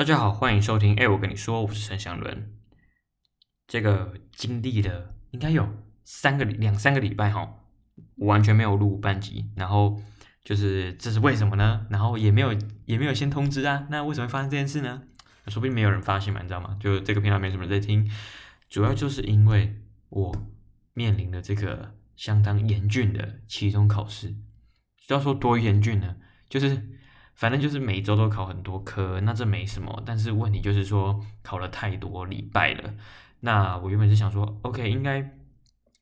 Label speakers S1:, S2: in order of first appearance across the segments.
S1: 大家好，歡迎收聽。哎、欸，我跟你說，我是陳祥倫。這個經歷了應該有三個兩三個禮拜哈，我完全沒有錄半集。然後就是這是為什麼呢？然後也沒有也沒有先通知啊。那為什麼發生這件事呢？那說不定沒有人發現嘛，你知道嗎？就這個頻道沒什麼人在聽，主要就是因為我面臨的這個相當嚴峻的期中考試。要說多嚴峻呢，就是。反正就是每周都考很多科，那這沒什麼。但是問題就是說考了太多禮拜了。那我原本是想說，OK，應該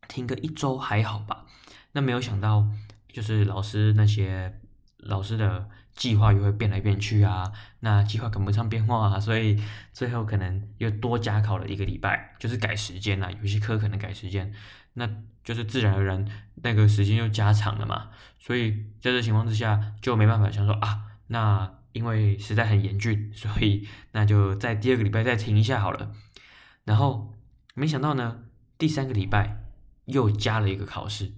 S1: 聽個一周還好吧。那沒有想到，就是老師那些老師的計劃又會變來變去啊。那計劃趕不上變化啊，所以最後可能又多加考了一個禮拜，就是改時間了啊。有些科可能改時間，那就是自然而然那個時間又加長了嘛。所以在這情況之下就沒辦法想說啊。那因為實在很嚴峻，所以那就在第二個禮拜再停一下好了。然後沒想到呢，第三個禮拜又加了一個考試。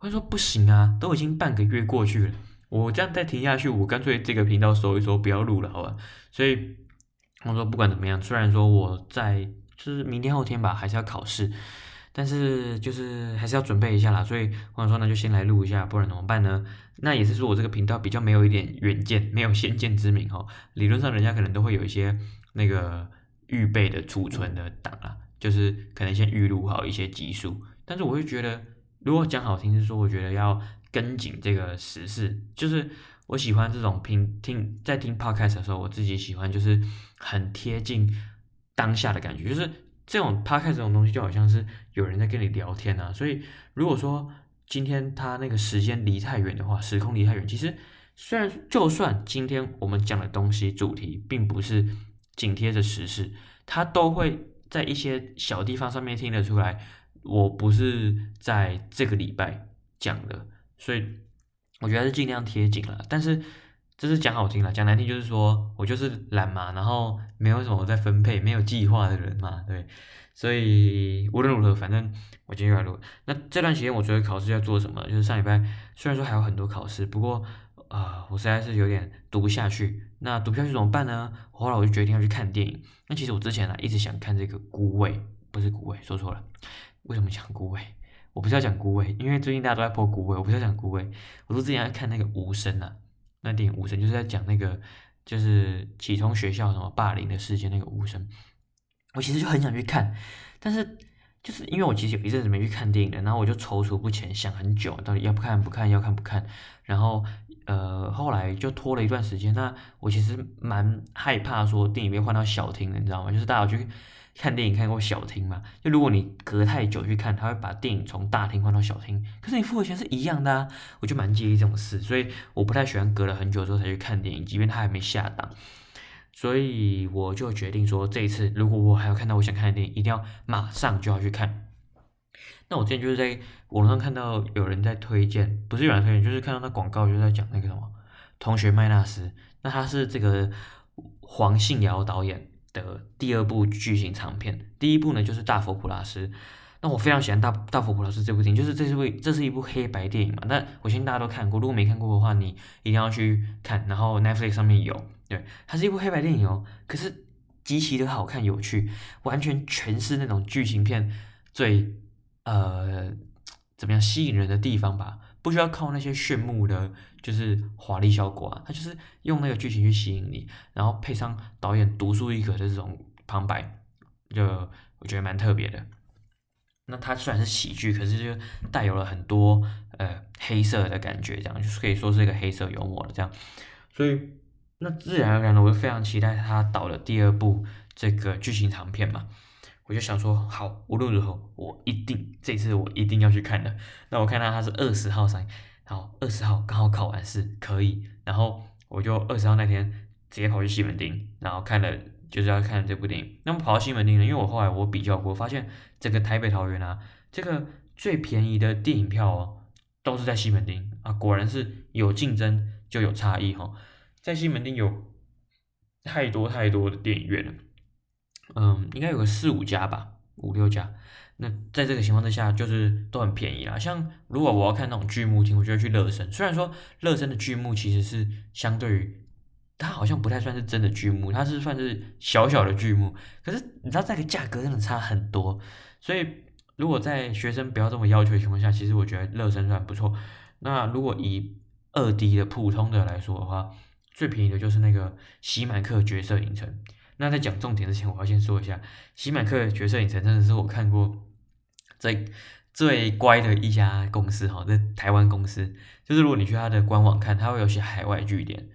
S1: 我說不行啊，都已經半個月過去了，我這樣再停下去，我乾脆這個頻道收一收，不要錄了，好吧？所以我說不管怎麼樣，雖然說我在就是明天後天吧，還是要考試。但是就是還是要準備一下啦，所以我想說那就先來錄一下，不然怎麼辦呢？那也是說我這個頻道比較沒有一點遠見，沒有先見之明哦。理論上人家可能都會有一些那個預備的儲存的檔啊，就是可能先預錄好一些集數。但是我會覺得，如果講好聽是說，我覺得要跟緊這個時事，就是我喜歡這種聽聽在聽 podcast 的時候，我自己喜歡就是很貼近當下的感覺，就是。這種他 a r 這種東西就好像是有人在跟你聊天啊。所以如果說今天他那個時間離太遠的話，時空離太遠，其實雖然就算今天我們講的東西主題並不是緊貼着時事，他都會在一些小地方上面聽得出來，我不是在這個禮拜講的，所以我覺得是盡量貼緊了，但是。就是講好聽了，講難聽就是說我就是懶嘛，然後沒有什麼在分配，沒有計劃的人嘛，對，所以無論如何，反正我今天要錄。那這段時間我覺得考試要做什麼，就是上禮拜雖然說還有很多考試，不過啊、呃，我實在是有點讀不下去。那讀不下去怎麼辦呢？後來我就決定要去看電影。那其實我之前啊一直想看這個《孤味》，不是《孤味》，說錯了。為什麼講《孤味》？我不是要講《孤味》，因為最近大家都在播《孤味》，我不是要講《孤味》。我說之前在看那個《無聲》啊。那電影《無聲》就是在講那個，就是啟聰學校什麼霸凌的事件。那個無聲，
S2: 我其實就很想
S1: 去看，但是就是因為我其實有一陣子沒去看電影了，然後我就躊躇不前，想很久，到底要看不看，要看不看。然後呃，後來就拖了一段時間。那我其實蠻害怕說電影被換到小廳，你知道嗎？就是大家去。看電影看過小廳嘛？就如果你隔太久去看，他會把電影從大廳換到小廳。可是你付的錢是一樣的啊，我就蠻介意這種事，所以我不太喜歡隔了很久之後才去看電影，即便它還沒下檔。所以我就決定說，這一次如果我還要看到我想看的電影，一定要馬上就要去看。那我之前就是在網上看到有人在推薦，不是有人推薦，就是看到那廣告就在講那個什麼《同學麥娜絲》，那他是這個黃信堯導演。的第二部劇情長片，第一部呢就是《大佛普拉斯》。那我非常喜歡大《大大佛普拉斯》這部電影，就是這是為，這是一部黑白電影嘛。那我相信大家都看過，如果沒看過的話，你一定要去看。然後 Netflix 上面有，對，它是一部黑白電影哦，可是極其的好看有趣，完全全是那種劇情片最呃怎麼樣吸引人的地方吧。不需要靠那些炫目的就是華麗效果啊，他就是用那個劇情去吸引你，然後配上導演獨樹一格的這種旁白，就我覺得蠻特別的。那他雖然是喜劇，可是就帶有了很多呃黑色的感覺，這樣就是可以說是一個黑色幽默的這樣。所以那自然而然的，我就非常期待他導的第二部這個劇情長片嘛。我就想說，好，無論如何，我一定這次我一定要去看的。那我看到他是二十號上映，然後二十號剛好考完試，可以。然後我就二十號那天直接跑去西門町，然後看了就是要看這部電影。那麼跑到西門町呢，因為我後來我比較過，我發現整個台北、桃園啊，這個最便宜的電影票哦、喔，都是在西門町啊。果然是有競爭就有差異哈、喔，在西門町有太多太多的電影院了。嗯，應該有個四五家吧，五六家。那在這個情況之下，就是都很便宜啦。像如果我要看那種巨幕廳，我就會去樂聲。雖然說樂聲的巨幕其實是相對於它好像不太算是真的巨幕，它是算是小小的巨幕。可是你知道這個價格真的差很多。所以如果在學生不要這麼要求的情況下，其實我覺得樂聲算不錯。那如果以二 D 的普通的來說的話，最便宜的就是那個喜滿客絕色影城。那在講重點之前，我要先說一下，喜滿客絕色影城真的是我看過最最乖的一家公司哈，在台灣公司，就是如果你去它的官網看，它會有些海外據點，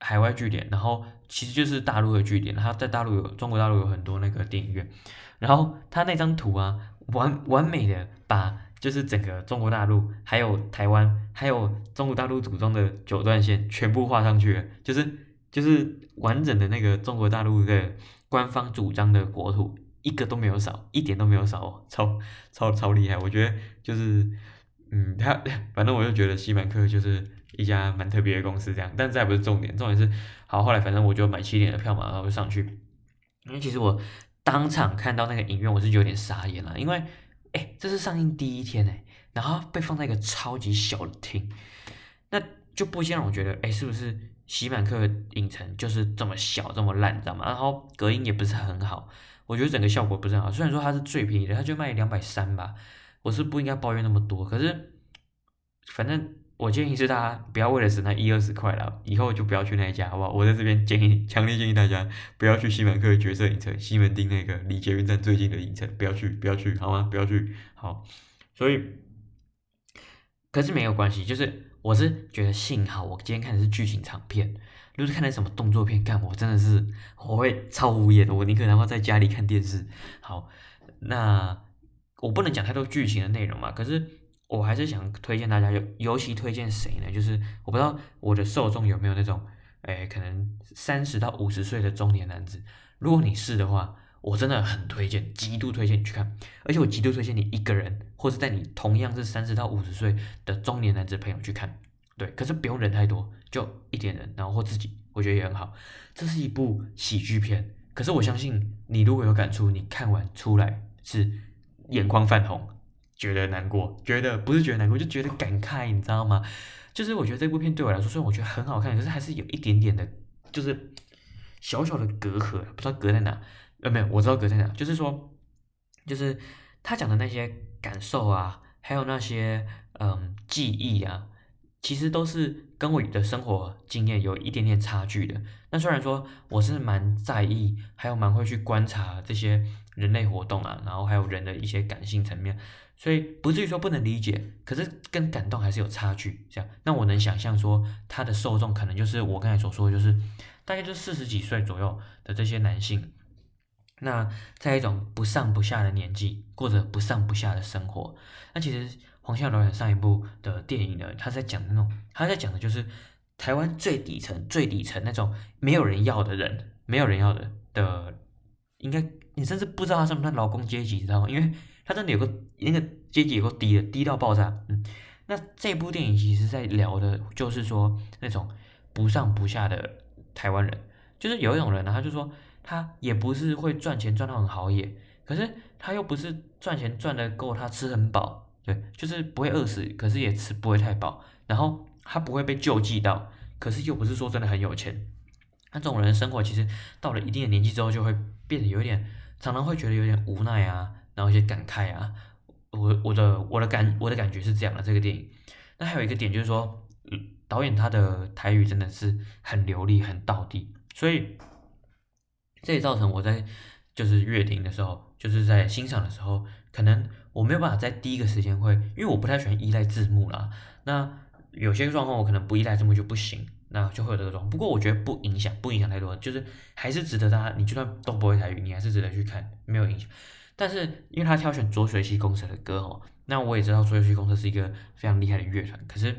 S1: 海外據點，然後其實就是大陸的據點，它在大陸有中國大陸有很多那個電影院，然後它那張圖啊，完完美的把就是整個中國大陸，還有台灣，還有中國大陸組裝的九段線全部畫上去了，就是。就是完整的那個中國大陸的官方主張的國土，一個都沒有少，一點都沒有少哦，超超超厲害！我覺得就是，嗯，他反正我就覺得喜滿客就是一家蠻特別的公司這樣，但再不是重點，重點是，好，後來反正我就買七點的票嘛，然後就上去。因、嗯、為其實我當場看到那個影院，我是有點傻眼了，因為哎、欸，這是上映第一天誒、欸、然後被放在一個超級小的廳，那就不禁讓我覺得，哎、欸，是不是？喜滿客的影城就是這麼小這麼爛，你知道嗎？然後隔音也不是很好，我覺得整個效果不是很好。雖然說它是最便宜的，它就賣兩百三吧，我是不應該抱怨那麼多。可是，反正我建議是大家不要為了省那一二十塊了，以後就不要去那一家，好不好？我在這邊建議，強烈建議大家不要去喜滿客的絕色影城，西門町那個離捷運站最近的影城，不要去，不要去，好嗎？不要去，好。好，所以，可是沒有關係，就是。我是覺得幸好我今天看的是劇情長片，如、就、果是看了什麼動作片，看我真的是我會超無言的，我寧可然後在家裡看電視。好，那我不能講太多劇情的內容嘛，可是我還是想推薦大家，尤尤其推薦誰呢？就是我不知道我的受眾有沒有那種，哎、欸，可能三十到五十歲的中年男子，如果你是的話，我真的很推薦，極度推薦你去看，而且我極度推薦你一個人。或是帶你同樣是三十到五十歲的中年男子朋友去看，對，可是不用人太多，就一點人，然後或自己，我覺得也很好。這是一部喜劇片，可是我相信你如果有感觸，你看完出來是眼眶泛紅，覺得難過，覺得不是覺得難過，就覺得感慨，你知道嗎？就是我覺得這部片對我來說，雖然我覺得很好看，可是還是有一點點的，就是小小的隔閡，不知道隔在哪。呃，沒有，我知道隔在哪，就是說，就是。他講的那些感受啊，還有那些嗯記憶啊，其實都是跟我的生活經驗有一點點差距的。那雖然說我是蠻在意，還有蠻會去觀察這些人類活動啊，然後還有人的一些感性層面，所以不至於說不能理解，可是跟感動還是有差距。這樣，那我能想象說他的受眾可能就是我剛才所說，就是大概就四十幾歲左右的這些男性。那在一種不上不下的年紀，過着不上不下的生活。那其實黃孝龍導演上一部的電影呢，他在講的那種，他在講的就是台灣最底層、最底層那種沒有人要的人，沒有人要的的，應該你甚至不知道他算不算勞工階級，你知道嗎？因為他真的有個那個階級，有個低的低到爆炸。嗯，那這部電影其實在聊的就是說那種不上不下的台灣人，就是有一種人呢，他就說。他也不是會賺錢賺到很好，也可是他又不是賺錢賺得夠他吃很飽，對，就是不會餓死，可是也吃不會太飽，然後他不會被救濟到，可是又不是說真的很有錢，那這種人生活其實到了一定的年紀之後，就會變得有點常常會覺得有點無奈啊，然後一些感慨啊，我我的我的感我的感覺是這樣的這個電影，那還有一個點就是說導演他的台語真的是很流利很道地，所以。這也造成我在就是閱聽的時候，就是在欣賞的時候，可能我沒有辦法在第一個時間會，因為我不太喜歡依賴字幕啦。那有些狀況我可能不依賴字幕就不行，那就會有這個狀況。不過我覺得不影響，不影響太多，就是還是值得大家，你就算都不會台語，你還是值得去看，沒有影響。但是因為他挑選濁水溪公社的歌哦，那我也知道濁水溪公社是一個非常厲害的樂團，可是。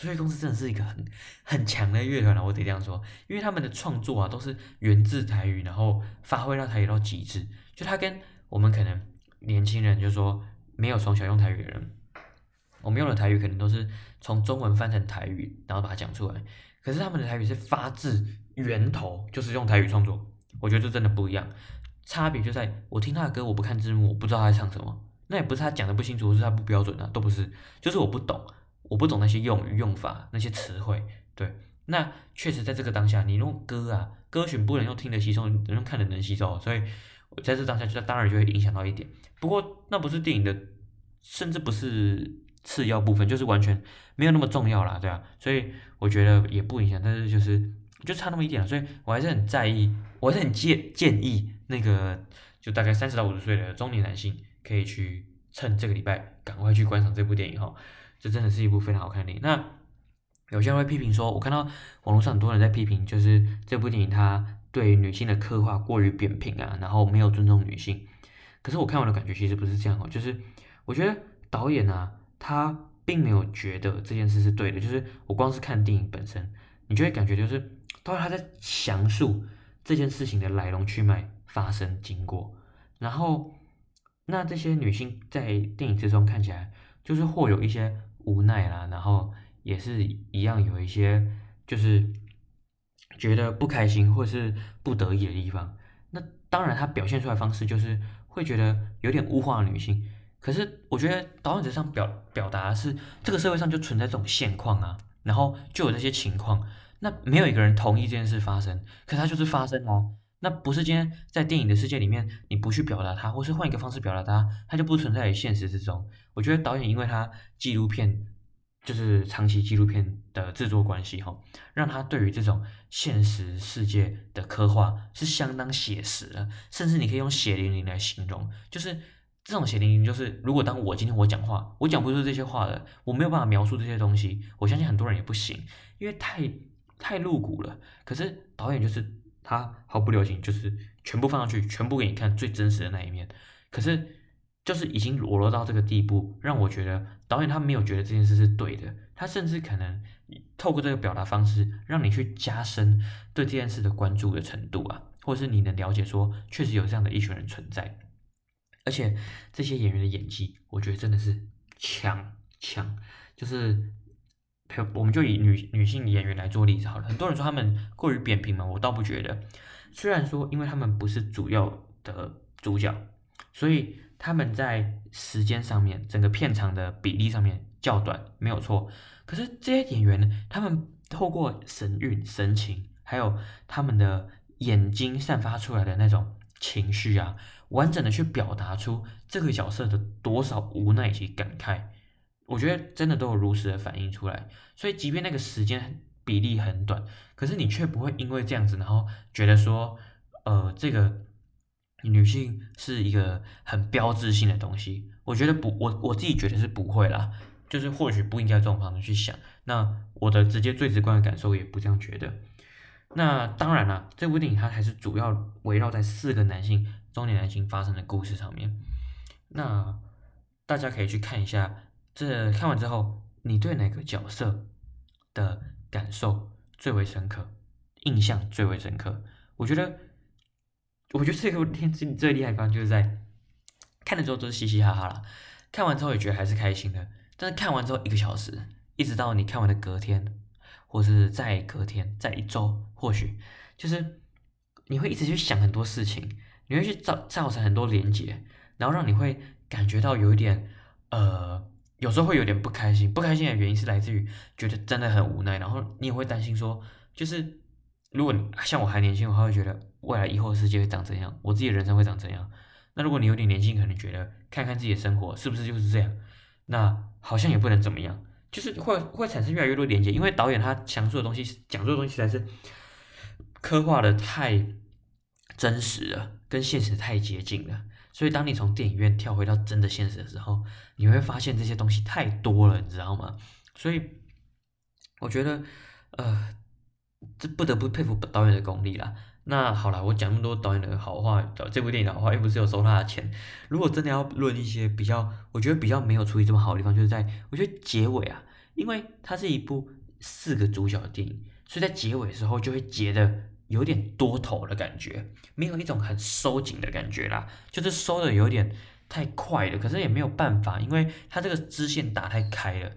S1: 所以公司真的是一個很很強的樂團啊，我得這樣說，因為他們的創作啊都是源自台語，然後發揮到台語到極致。就他跟我們可能年輕人就，就是說沒有從小用台語的人，我們用的台語可能都是從中文翻成台語，然後把它講出來。可是他們的台語是發自源頭，就是用台語創作。我覺得這真的不一樣，差別就在我聽他的歌，我不看字幕，我不知道他在唱什麼。那也不是他講的不清楚，是他不標準啊，都不是，就是我不懂。我不懂那些用語、用法、那些詞彙，對，那確實在這個當下，你用歌啊，歌曲不能用聽得吸收，能用看的能吸收，所以我在這當下，它當然就會影響到一點。不過那不是電影的，甚至不是次要部分，就是完全沒有那麼重要了，對吧？啊？所以我覺得也不影響，但是就是就差那麼一點，所以我還是很在意，我還是很建建議那個就大概三十到五十歲的中年男性可以去趁這個禮拜趕快去觀賞這部電影哈。這真的是一部非常好看的電影。那有些人會批評說，我看到網絡上很多人在批評，就是這部電影它對女性的刻畫過於扁平啊，然後沒有尊重女性。可是我看完的感覺其實不是這樣哦，就是我覺得導演呢、啊，他並沒有覺得這件事是對的。就是我光是看電影本身，你就會感覺就是，他他在詳述這件事情的來龍去脈、發生經過，然後那這些女性在電影之中看起來，就是或有一些。無奈啦、啊，然後也是一樣有一些就是覺得不開心或是不得已的地方。那當然，他表現出來的方式就是會覺得有點物化女性。可是我覺得導演者上表表達是這個社會上就存在這種現況啊，然後就有這些情況。那沒有一個人同意這件事發生，可是他就是發生哦。那不是今天在電影的世界裡面你不去表達它，或是換一個方式表達它，它就不存在於現實之中。我覺得導演因為他紀錄片就是長期紀錄片的制作關係哈，讓他對於這種現實世界的刻畫是相當寫實的，甚至你可以用血淋淋來形容，就是這種血淋淋，就是如果當我今天我講話，我講不出這些話了，我沒有辦法描述這些東西，我相信很多人也不行，因為太太露骨了。可是導演就是他毫不留情，就是全部放上去，全部給你看最真實的那一面。可是。就是已經裸露到這個地步，讓我覺得導演他沒有覺得這件事是對的，他甚至可能透過這個表達方式，讓你去加深對這件事的關注的程度啊，或者是你能了解說確實有這樣的一群人存在，而且這些演員的演技，我覺得真的是強強，就是我們就以女女性演員來做例子好了，很多人說他們過於扁平嘛，我倒不覺得，雖然說因為他們不是主要的主角，所以。他們在時間上面，整個片長的比例上面較短，沒有錯。可是這些演員呢，他們透過神韻、神情，還有他們的眼睛散發出來的那種情緒啊，完整的去表達出這個角色的多少無奈及感慨，我覺得真的都有如實的反映出來。所以，即便那個時間比例很短，可是你卻不會因為這樣子，然後覺得說，呃，這個。女性是一個很標誌性的東西，我覺得不，我我自己覺得是不會啦，就是或許不應該這種方式去想。那我的直接最直觀的感受也不這樣覺得。那當然了，這部電影它還是主要圍繞在四個男性，中年男性發生的故事上面。那大家可以去看一下，這看完之後，你對哪個角色的感受最為深刻，印象最為深刻？我覺得。我覺得這個天你最厲害的地方就是在看的時候都是嘻嘻哈哈了，看完之後也覺得還是開心的。但是看完之後一個小時，一直到你看完的隔天，或是在隔天，在一周，或許就是你會一直去想很多事情，你會去造造成很多連結，然後讓你會感覺到有一點呃，有時候會有點不開心。不開心的原因是來自於覺得真的很無奈，然後你也會擔心說，就是如果像我還年輕，我還會覺得。未來以後的世界會長怎樣？我自己的人生會長怎樣？那如果你有點年輕，可能覺得看看自己的生活是不是就是這樣？那好像也不能怎麼樣，就是會會產生越來越多連接，因為導演他想做的東西，講述的東西實在是，刻畫的太真實了，跟現實太接近了。所以當你從電影院跳回到真的現實的時候，你會發現這些東西太多了，你知道嗎？所以我覺得，呃，這不得不佩服導演的功力啦。那好了，我講那麼多導演的好話，這部電影的好話，又不是有收他的錢。如果真的要論一些比較，我覺得比較沒有處理這麼好的地方，就是在我覺得結尾啊，因為它是一部四個主角的電影，所以在結尾的時候就會結得有點多頭的感覺，沒有一種很收緊的感覺啦，就是收得有點太快了。可是也沒有辦法，因為它這個支線打太開了。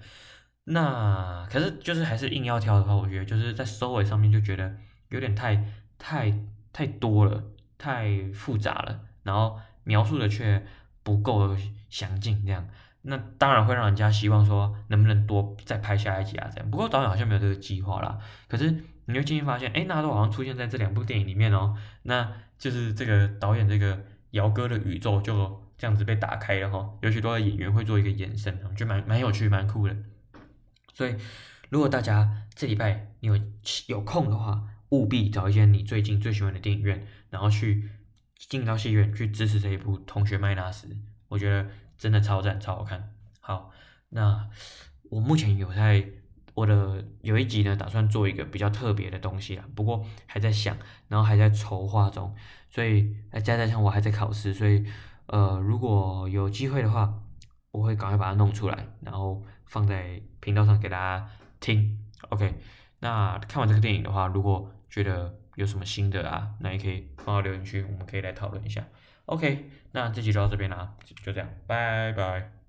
S1: 那可是就是還是硬要挑的話，我覺得就是在收尾上面就覺得有點太。太太多了，太複雜了，然後描述的卻不夠詳盡，這樣，那當然會讓人家希望說能不能多再拍下一集啊，這樣。不過導演好像沒有這個計劃啦。可是你會漸漸發現，哎，那都好像出現在這兩部電影裡面哦，那就是這個導演這個姚哥的宇宙就這樣子被打開了哈、哦，有許多的演員會做一個延伸，我覺得蠻蠻有趣，蠻酷的。所以如果大家這禮拜你有有空的話，務必找一間你最近最喜歡的電影院，然後去進到戲院去支持這一部《同學麥娜絲》，我覺得真的超讚，超好看。好，那我目前有在我的有一集呢，打算做一個比較特別的東西啊，不過還在想，然後還在籌劃中，所以再加上我還在考試，所以呃，如果有機會的話，我會趕快把它弄出來，然後放在頻道上給大家聽。OK，那看完這個電影的話，如果覺得有什麼心得啊，那也可以放到留言區，我們可以來討論一下。OK，那這集就到這邊了啊，就這樣，拜拜。